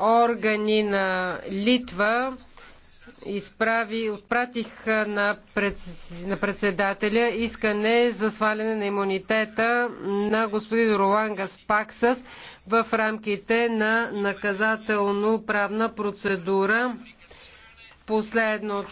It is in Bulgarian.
органи на Литва изправи, отпратих на, пред, на председателя искане за сваляне на имунитета на господин Ролан Гаспаксас в рамките на наказателно-правна процедура. Последното